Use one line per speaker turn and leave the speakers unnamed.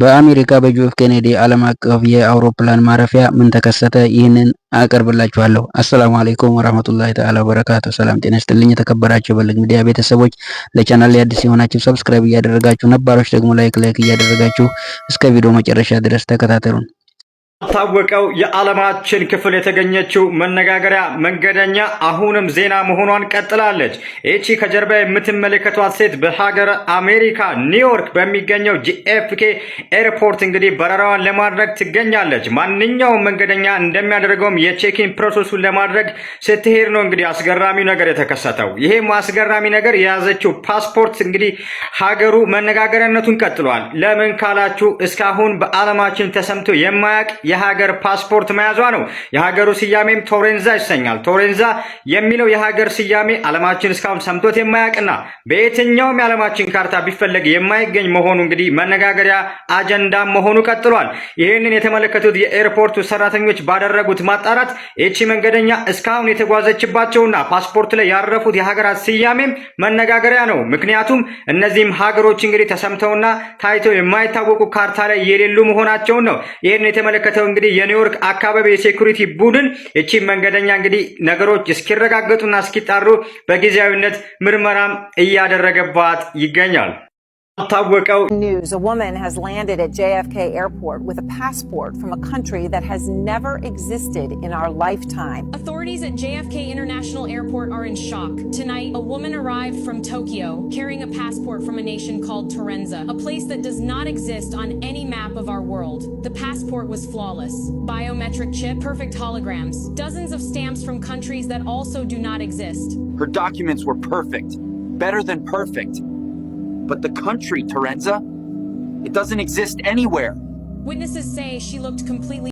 በአሜሪካ በጆፍ ኬኔዲ ዓለም አቀፍ የአውሮፕላን ማረፊያ ምን ተከሰተ? ይህንን አቀርብላችኋለሁ። አሰላሙ አለይኩም ወራህመቱላሂ ተዓላ ወበረካቱ። ሰላም ጤና ይስጥልኝ የተከበራችሁ በልግ ሚዲያ ቤተሰቦች፣ ለቻናል አዲስ የሆናችሁ ሰብስክራይብ እያደረጋችሁ፣ ነባሮች ደግሞ ላይክ ላይክ እያደረጋችሁ እስከ ቪዲዮ መጨረሻ ድረስ ተከታተሉን።
ታወቀው የዓለማችን ክፍል የተገኘችው መነጋገሪያ መንገደኛ አሁንም ዜና መሆኗን ቀጥላለች። ይቺ ከጀርባ የምትመለከቷት ሴት በሀገር አሜሪካ ኒውዮርክ በሚገኘው ጂኤፍኬ ኤርፖርት እንግዲህ በረራዋን ለማድረግ ትገኛለች። ማንኛውም መንገደኛ እንደሚያደርገውም የቼኪን ፕሮሰሱን ለማድረግ ስትሄድ ነው እንግዲህ አስገራሚ ነገር የተከሰተው። ይሄም አስገራሚ ነገር የያዘችው ፓስፖርት እንግዲህ ሀገሩ መነጋገሪያነቱን ቀጥሏል። ለምን ካላችሁ እስካሁን በዓለማችን ተሰምቶ የማያውቅ የሀገር ፓስፖርት መያዟ ነው። የሀገሩ ስያሜም ቶሬንዛ ይሰኛል። ቶሬንዛ የሚለው የሀገር ስያሜ ዓለማችን እስካሁን ሰምቶት የማያውቅና በየትኛውም የዓለማችን ካርታ ቢፈለግ የማይገኝ መሆኑ እንግዲህ መነጋገሪያ አጀንዳ መሆኑ ቀጥሏል። ይህንን የተመለከቱት የኤርፖርቱ ሰራተኞች ባደረጉት ማጣራት ይቺ መንገደኛ እስካሁን የተጓዘችባቸውና ፓስፖርት ላይ ያረፉት የሀገራት ስያሜም መነጋገሪያ ነው። ምክንያቱም እነዚህም ሀገሮች እንግዲህ ተሰምተውና ታይተው የማይታወቁ ካርታ ላይ የሌሉ መሆናቸውን ነው። ይህን የተመለከተ ተነስተው እንግዲህ የኒውዮርክ አካባቢ የሴኩሪቲ ቡድን እቺ መንገደኛ እንግዲህ ነገሮች እስኪረጋገጡና እስኪጣሩ በጊዜያዊነት ምርመራም እያደረገባት ይገኛል።
Top workout news. A woman has landed at JFK Airport with a passport from a country that has never existed in our lifetime. Authorities at JFK International Airport are in shock. Tonight, a woman arrived from Tokyo carrying a passport from a nation called Tarenza, a place that does not exist on any map of our world. The passport was flawless. Biometric chip, perfect holograms, dozens of stamps from countries that also do not exist. Her documents were perfect, better than perfect. But the country, Terenza, it doesn't exist anywhere. Witnesses say she looked completely.